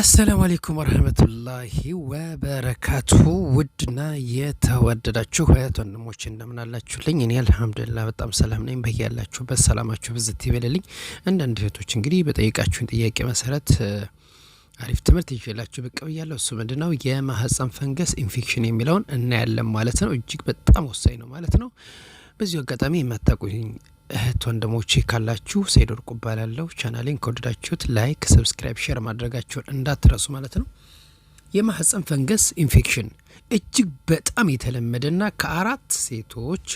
አሰላሙ አሌይኩም ወረህመቱላሂ ወበረካቱ። ውድና የተወደዳችሁ እህት ወንድሞች እንደምን አላችሁልኝ? እኔ አልሐምዱሊላህ በጣም ሰላም ነኝ። በያላችሁበት ሰላማችሁ ብዝት ይበልልኝ። አንዳንድ እህቶች እንግዲህ በጠየቃችሁን ጥያቄ መሰረት አሪፍ ትምህርት ይዤላችሁ ብቅ ብያለሁ። እሱ ምንድነው የማህፀን ፈንገስ ኢንፌክሽን የሚለውን እናያለን ማለት ነው። እጅግ በጣም ወሳኝ ነው ማለት ነው። በዚሁ አጋጣሚ የማታውቁኝ እህት ወንድሞቼ ካላችሁ ሰይድ ወርቁ እባላለሁ። ቻናሌን ከወደዳችሁት ላይክ፣ ሰብስክራይብ፣ ሼር ማድረጋችሁን እንዳትረሱ ማለት ነው። የማህፀን ፈንገስ ኢንፌክሽን እጅግ በጣም የተለመደና ከአራት ሴቶች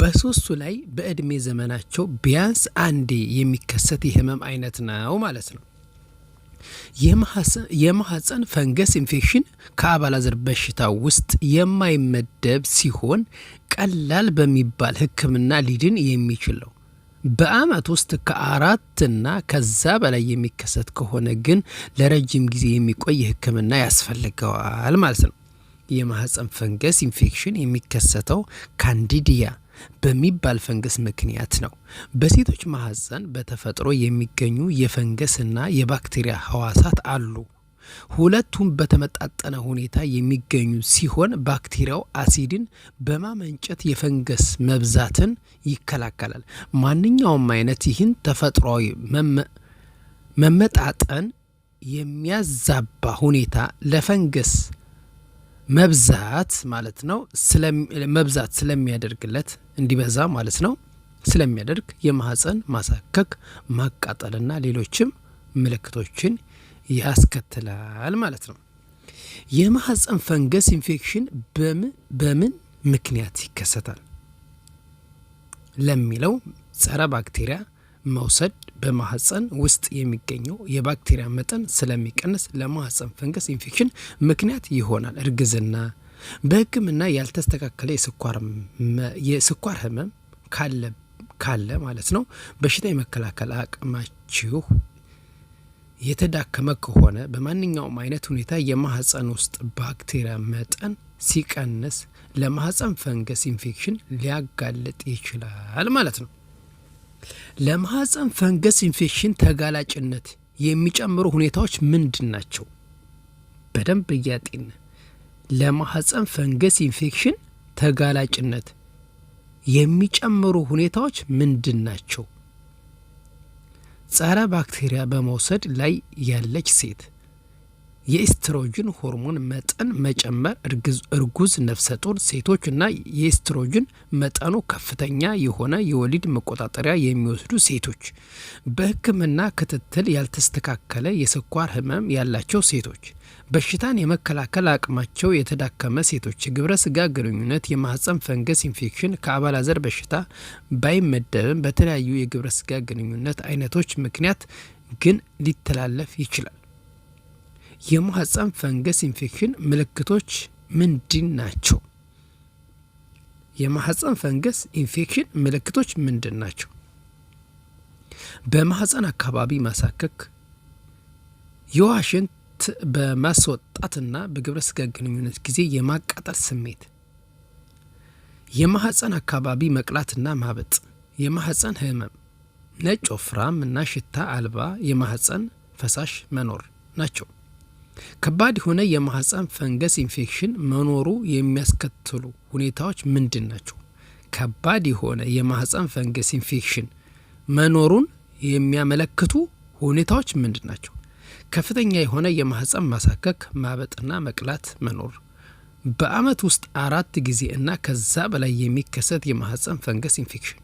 በሶስቱ ላይ በእድሜ ዘመናቸው ቢያንስ አንዴ የሚከሰት የህመም አይነት ነው ማለት ነው። የማህፀን ፈንገስ ኢንፌክሽን ከአባላዘር በሽታ ውስጥ የማይመደብ ሲሆን ቀላል በሚባል ህክምና ሊድን የሚችል ነው። በአመት ውስጥ ከአራትና ከዛ በላይ የሚከሰት ከሆነ ግን ለረጅም ጊዜ የሚቆይ ህክምና ያስፈልገዋል ማለት ነው። የማህፀን ፈንገስ ኢንፌክሽን የሚከሰተው ካንዲዲያ በሚባል ፈንገስ ምክንያት ነው። በሴቶች ማህፀን በተፈጥሮ የሚገኙ የፈንገስና የባክቴሪያ ህዋሳት አሉ። ሁለቱም በተመጣጠነ ሁኔታ የሚገኙ ሲሆን ባክቴሪያው አሲድን በማመንጨት የፈንገስ መብዛትን ይከላከላል። ማንኛውም አይነት ይህን ተፈጥሯዊ መመጣጠን የሚያዛባ ሁኔታ ለፈንገስ መብዛት ማለት ነው። መብዛት ስለሚያደርግለት እንዲበዛ ማለት ነው ስለሚያደርግ የማህፀን ማሳከክ ማቃጠልና ሌሎችም ምልክቶችን ያስከትላል ማለት ነው። የማህፀን ፈንገስ ኢንፌክሽን በምን ምክንያት ይከሰታል ለሚለው ጸረ ባክቴሪያ መውሰድ በማህፀን ውስጥ የሚገኘው የባክቴሪያ መጠን ስለሚቀንስ ለማህፀን ፈንገስ ኢንፌክሽን ምክንያት ይሆናል። እርግዝና፣ በህክምና ያልተስተካከለ የስኳር ህመም ካለ ካለ ማለት ነው። በሽታ የመከላከል አቅማችሁ የተዳከመ ከሆነ በማንኛውም አይነት ሁኔታ የማህፀን ውስጥ ባክቴሪያ መጠን ሲቀንስ ለማህፀን ፈንገስ ኢንፌክሽን ሊያጋልጥ ይችላል ማለት ነው። ለማህፀን ፈንገስ ኢንፌክሽን ተጋላጭነት የሚጨምሩ ሁኔታዎች ምንድን ናቸው? በደንብ እያጤን ለማህፀን ፈንገስ ኢንፌክሽን ተጋላጭነት የሚጨምሩ ሁኔታዎች ምንድን ናቸው? ጸረ ባክቴሪያ በመውሰድ ላይ ያለች ሴት የኤስትሮጅን ሆርሞን መጠን መጨመር እርጉዝ ነፍሰ ጡር ሴቶች እና የኤስትሮጅን መጠኑ ከፍተኛ የሆነ የወሊድ መቆጣጠሪያ የሚወስዱ ሴቶች፣ በሕክምና ክትትል ያልተስተካከለ የስኳር ህመም ያላቸው ሴቶች፣ በሽታን የመከላከል አቅማቸው የተዳከመ ሴቶች፣ ግብረ ስጋ ግንኙነት፣ የማህፀን ፈንገስ ኢንፌክሽን ከአባላዘር በሽታ ባይመደብም በተለያዩ የግብረ ስጋ ግንኙነት አይነቶች ምክንያት ግን ሊተላለፍ ይችላል። የማህፀን ፈንገስ ኢንፌክሽን ምልክቶች ምንድን ናቸው? የማህፀን ፈንገስ ኢንፌክሽን ምልክቶች ምንድን ናቸው? በማህፀን አካባቢ ማሳከክ፣ የውሃ ሽንት በማስወጣትና በግብረ ስጋ ግንኙነት ጊዜ የማቃጠል ስሜት፣ የማህፀን አካባቢ መቅላትና ማበጥ፣ የማህፀን ህመም፣ ነጭ ወፍራም እና ሽታ አልባ የማህፀን ፈሳሽ መኖር ናቸው። ከባድ የሆነ የማህፀን ፈንገስ ኢንፌክሽን መኖሩ የሚያስከትሉ ሁኔታዎች ምንድን ናቸው? ከባድ የሆነ የማህፀን ፈንገስ ኢንፌክሽን መኖሩን የሚያመለክቱ ሁኔታዎች ምንድን ናቸው? ከፍተኛ የሆነ የማህፀን ማሳከክ፣ ማበጥና መቅላት መኖር፣ በአመት ውስጥ አራት ጊዜ እና ከዛ በላይ የሚከሰት የማህፀን ፈንገስ ኢንፌክሽን፣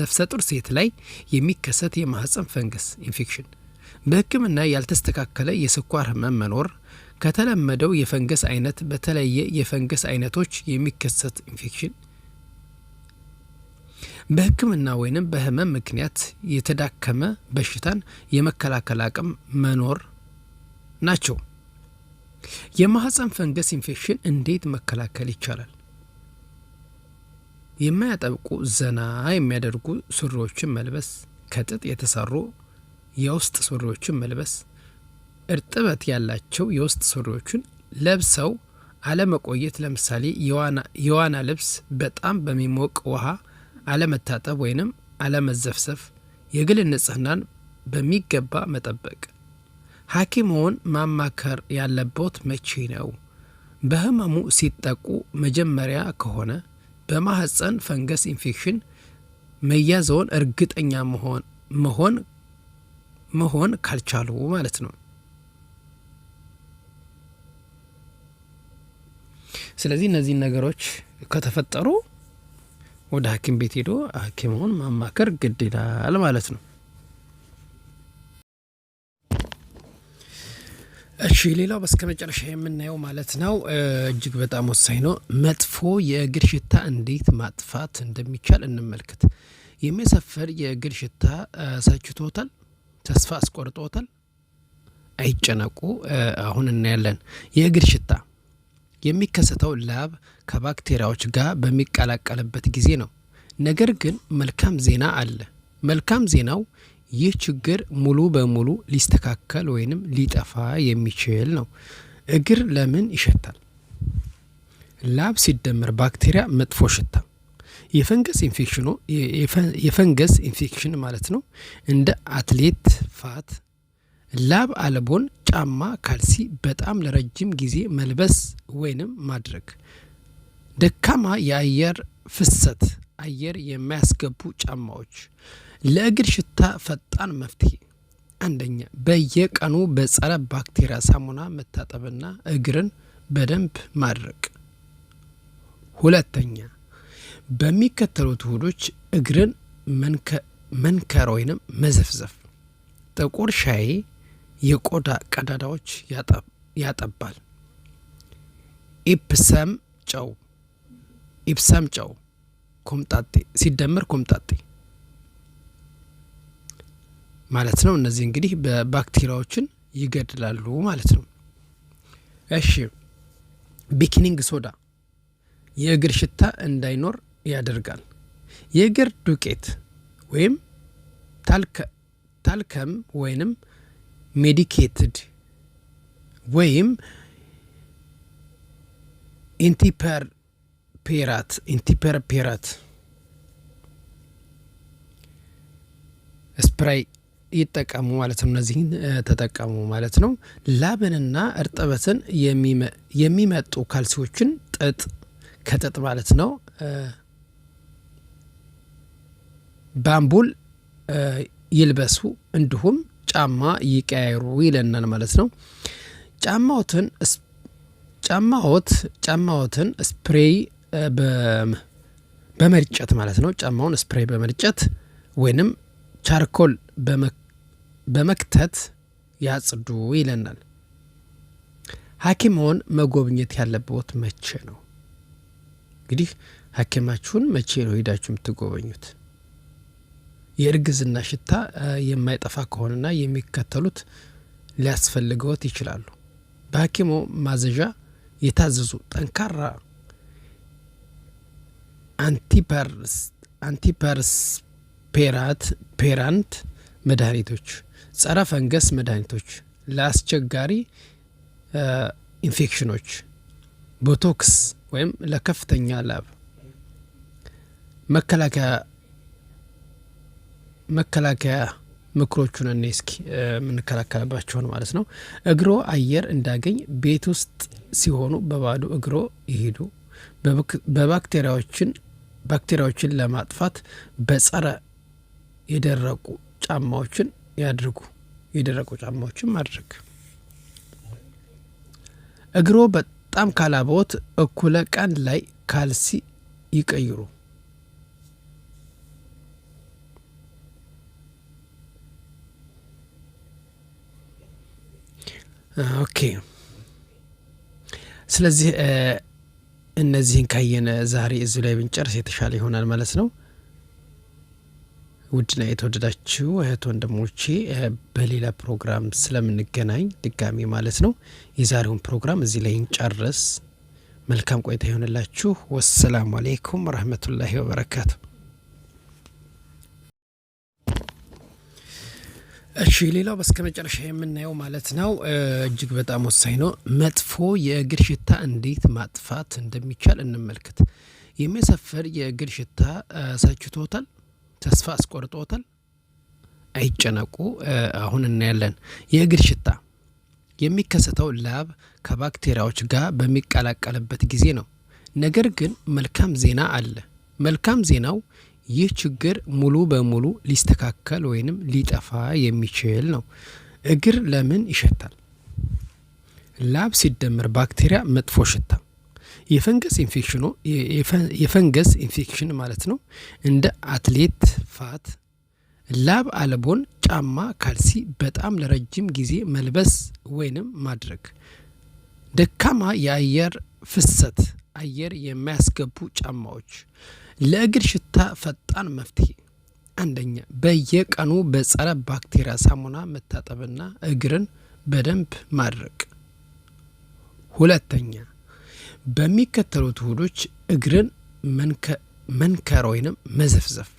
ነፍሰ ጡር ሴት ላይ የሚከሰት የማህፀን ፈንገስ ኢንፌክሽን በህክምና ያልተስተካከለ የስኳር ህመም መኖር ከተለመደው የፈንገስ አይነት በተለየ የፈንገስ አይነቶች የሚከሰት ኢንፌክሽን፣ በህክምና ወይንም በህመም ምክንያት የተዳከመ በሽታን የመከላከል አቅም መኖር ናቸው። የማህፀን ፈንገስ ኢንፌክሽን እንዴት መከላከል ይቻላል? የማያጠብቁ ዘና የሚያደርጉ ሱሪዎችን መልበስ፣ ከጥጥ የተሰሩ የውስጥ ሱሪዎችን መልበስ፣ እርጥበት ያላቸው የውስጥ ሱሪዎችን ለብሰው አለመቆየት። ለምሳሌ የዋና ልብስ በጣም በሚሞቅ ውሃ አለመታጠብ ወይንም አለመዘፍሰፍ። የግል ንጽህናን በሚገባ መጠበቅ። ሐኪምዎን ማማከር ያለቦት መቼ ነው? በህመሙ ሲጠቁ መጀመሪያ ከሆነ በማህፀን ፈንገስ ኢንፌክሽን መያዘውን እርግጠኛ መሆን መሆን ካልቻሉ ማለት ነው። ስለዚህ እነዚህን ነገሮች ከተፈጠሩ ወደ ሐኪም ቤት ሄዶ ሐኪሙን ማማከር ግድ ይላል ማለት ነው። እሺ ሌላው በስከ መጨረሻ የምናየው ማለት ነው እጅግ በጣም ወሳኝ ነው። መጥፎ የእግር ሽታ እንዴት ማጥፋት እንደሚቻል እንመልከት። የሚሰፈር የእግር ሽታ ሳችቶታል? ተስፋ አስቆርጦታል። አይጨነቁ። አሁን እናያለን። የእግር ሽታ የሚከሰተው ላብ ከባክቴሪያዎች ጋር በሚቀላቀልበት ጊዜ ነው። ነገር ግን መልካም ዜና አለ። መልካም ዜናው ይህ ችግር ሙሉ በሙሉ ሊስተካከል ወይንም ሊጠፋ የሚችል ነው። እግር ለምን ይሸታል? ላብ ሲደመር ባክቴሪያ መጥፎ ሽታ የፈንገስ ኢንፌክሽኑ የፈንገስ ኢንፌክሽን ማለት ነው እንደ አትሌት ፋት፣ ላብ አልቦን ጫማ ካልሲ በጣም ለረጅም ጊዜ መልበስ ወይንም ማድረግ፣ ደካማ የአየር ፍሰት አየር የማያስገቡ ጫማዎች። ለእግር ሽታ ፈጣን መፍትሄ አንደኛ በየቀኑ በጸረ ባክቴሪያ ሳሙና መታጠብና እግርን በደንብ ማድረቅ። ሁለተኛ በሚከተሉት ውህዶች እግርን መንከር ወይንም መዘፍዘፍ፣ ጥቁር ሻይ የቆዳ ቀዳዳዎች ያጠባል። ኢፕሰም ጨው ኢፕሰም ጨው ኮምጣጤ ሲደመር ኮምጣጤ ማለት ነው። እነዚህ እንግዲህ በባክቴሪያዎችን ይገድላሉ ማለት ነው። እሺ፣ ቤኪንግ ሶዳ የእግር ሽታ እንዳይኖር ያደርጋል። የእግር ዱቄት ወይም ታልከም ወይንም ሜዲኬትድ ወይም ኢንቲፐርፔራት ኢንቲፐርፔራት ስፕራይ ይጠቀሙ ማለት ነው። እነዚህን ተጠቀሙ ማለት ነው። ላብንና እርጥበትን የሚመጡ ካልሲዎችን ጥጥ ከጥጥ ማለት ነው ባምቡል ይልበሱ እንዲሁም ጫማ ይቀያይሩ ይለናል ማለት ነው። ጫማዎትን ጫማዎት ጫማዎትን ስፕሬይ በመርጨት ማለት ነው። ጫማውን ስፕሬይ በመርጨት ወይንም ቻርኮል በመክተት ያጽዱ ይለናል። ሐኪምዎን መጎብኘት ያለበት መቼ ነው? እንግዲህ ሐኪማችሁን መቼ ነው ሄዳችሁ የምትጎበኙት? የእርግዝና ሽታ የማይጠፋ ከሆነና የሚከተሉት ሊያስፈልገዎት ይችላሉ። በሐኪሞ ማዘዣ የታዘዙ ጠንካራ ፔራንት መድኃኒቶች፣ ጸረ ፈንገስ መድኃኒቶች፣ ለአስቸጋሪ ኢንፌክሽኖች፣ ቦቶክስ ወይም ለከፍተኛ ላብ መከላከያ መከላከያ ምክሮቹን እኔ እስኪ የምንከላከልባቸውን ማለት ነው። እግሮ አየር እንዳገኝ ቤት ውስጥ ሲሆኑ በባዶ እግሮ ይሄዱ። በባክቴሪያዎችን ባክቴሪያዎችን ለማጥፋት በጸረ የደረቁ ጫማዎችን ያድርጉ። የደረቁ ጫማዎችን ማድረግ እግሮ በጣም ካላቦት እኩለ ቀን ላይ ካልሲ ይቀይሩ። ኦኬ። ስለዚህ እነዚህን ካየነ ዛሬ እዚሁ ላይ ብንጨርስ የተሻለ ይሆናል ማለት ነው። ውድና የተወደዳችሁ እህት ወንድሞቼ በሌላ ፕሮግራም ስለምንገናኝ ድጋሚ ማለት ነው የዛሬውን ፕሮግራም እዚህ ላይ እንጨርስ። መልካም ቆይታ ይሆንላችሁ። ወሰላሙ አሌይኩም ረህመቱላሂ ወበረካቱ። እሺ ሌላው በስከ መጨረሻ የምናየው ማለት ነው እጅግ በጣም ወሳኝ ነው። መጥፎ የእግር ሽታ እንዴት ማጥፋት እንደሚቻል እንመልከት። የሚሰፈር የእግር ሽታ ሰችቶታል፣ ተስፋ አስቆርጦታል። አይጨነቁ፣ አሁን እናያለን። የእግር ሽታ የሚከሰተው ላብ ከባክቴሪያዎች ጋር በሚቀላቀልበት ጊዜ ነው። ነገር ግን መልካም ዜና አለ። መልካም ዜናው ይህ ችግር ሙሉ በሙሉ ሊስተካከል ወይንም ሊጠፋ የሚችል ነው። እግር ለምን ይሸታል? ላብ ሲደመር ባክቴሪያ መጥፎ ሽታ የፈንገስ ኢንፌክሽኑ የፈንገስ ኢንፌክሽን ማለት ነው። እንደ አትሌት ፋት፣ ላብ አልቦን ጫማ፣ ካልሲ በጣም ለረጅም ጊዜ መልበስ ወይንም ማድረግ፣ ደካማ የአየር ፍሰት አየር የሚያስገቡ ጫማዎች ለእግር ሽታ ፈጣን መፍትሄ አንደኛ በየቀኑ በጸረ ባክቴሪያ ሳሙና መታጠብና እግርን በደንብ ማድረቅ። ሁለተኛ በሚከተሉት ውህዶች እግርን መንከር ወይንም መዘፍዘፍ።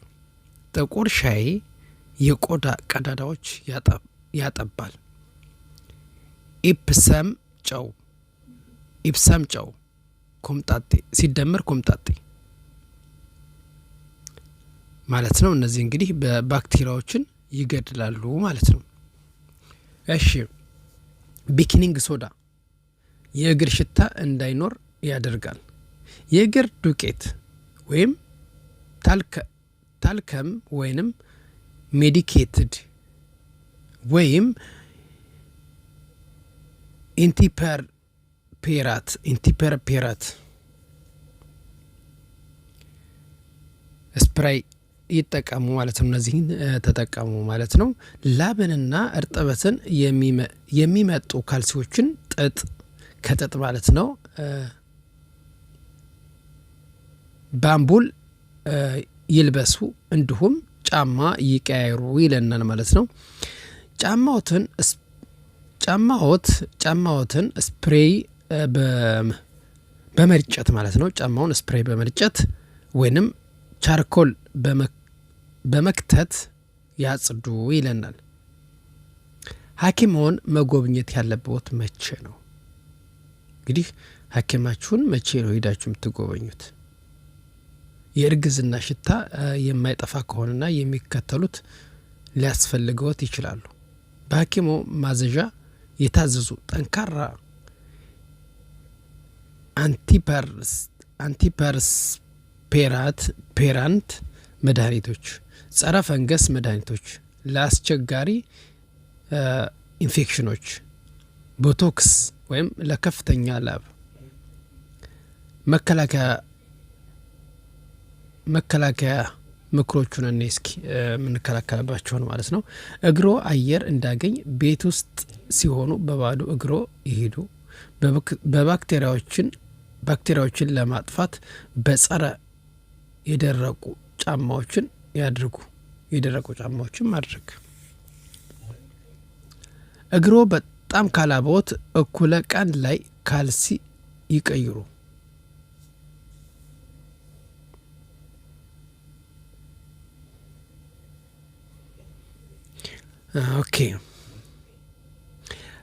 ጥቁር ሻይ የቆዳ ቀዳዳዎች ያጠባል። ኢፕሰም ጨው ኢፕሰም ጨው ኮምጣጤ ሲደመር ኮምጣጤ ማለት ነው። እነዚህ እንግዲህ በባክቴሪያዎችን ይገድላሉ ማለት ነው። እሺ ቤኪንግ ሶዳ የእግር ሽታ እንዳይኖር ያደርጋል። የእግር ዱቄት ወይም ታልከም ወይንም ሜዲኬትድ ወይም ኢንቲፐር perat, interperat. ስፕራይ ይጠቀሙ ማለት ነው። እነዚህን ተጠቀሙ ማለት ነው። ላብንና እርጥበትን የሚመጡ ካልሲዎችን ጥጥ ከጥጥ ማለት ነው ባምቡል ይልበሱ እንዲሁም ጫማ ይቀያይሩ ይለናል ማለት ነው። ጫማዎትን ጫማዎት ጫማዎትን ስፕሬይ በመርጨት ማለት ነው። ጫማውን ስፕሬይ በመርጨት ወይንም ቻርኮል በመክተት ያጽዱ ይለናል። ሐኪምዎን መጎብኘት ያለብዎት መቼ ነው? እንግዲህ ሐኪማችሁን መቼ ነው ሄዳችሁ የምትጎበኙት? የእርግዝና ሽታ የማይጠፋ ከሆነና የሚከተሉት ሊያስፈልገዎት ይችላሉ። በሐኪሞ ማዘዣ የታዘዙ ጠንካራ ፔራንት መድኃኒቶች፣ ጸረ ፈንገስ መድኃኒቶች፣ ለአስቸጋሪ ኢንፌክሽኖች፣ ቦቶክስ ወይም ለከፍተኛ ላብ መከላከያ ምክሮቹን እኔ እስኪ የምንከላከልባቸውን ማለት ነው። እግሮ አየር እንዳገኝ ቤት ውስጥ ሲሆኑ በባዶ እግሮ ይሄዱ። በባክቴሪያዎችን ባክቴሪያዎችን ለማጥፋት በጸረ የደረቁ ጫማዎችን ያድርጉ። የደረቁ ጫማዎችን ማድረግ እግሮ በጣም ካላቦት እኩለ ቀን ላይ ካልሲ ይቀይሩ። ኦኬ።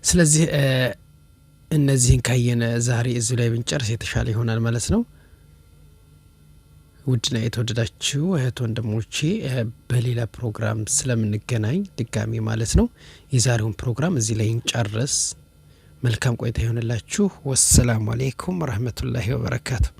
ስለዚህ እነዚህን ካየነ ዛሬ እዚሁ ላይ ብንጨርስ የተሻለ ይሆናል ማለት ነው። ውድና የተወደዳችሁ እህት ወንድሞቼ በሌላ ፕሮግራም ስለምንገናኝ ድጋሚ ማለት ነው የዛሬውን ፕሮግራም እዚህ ላይ እንጨርስ። መልካም ቆይታ ይሆንላችሁ። ወሰላሙ አሌይኩም ረህመቱላሂ ወበረካቱሁ።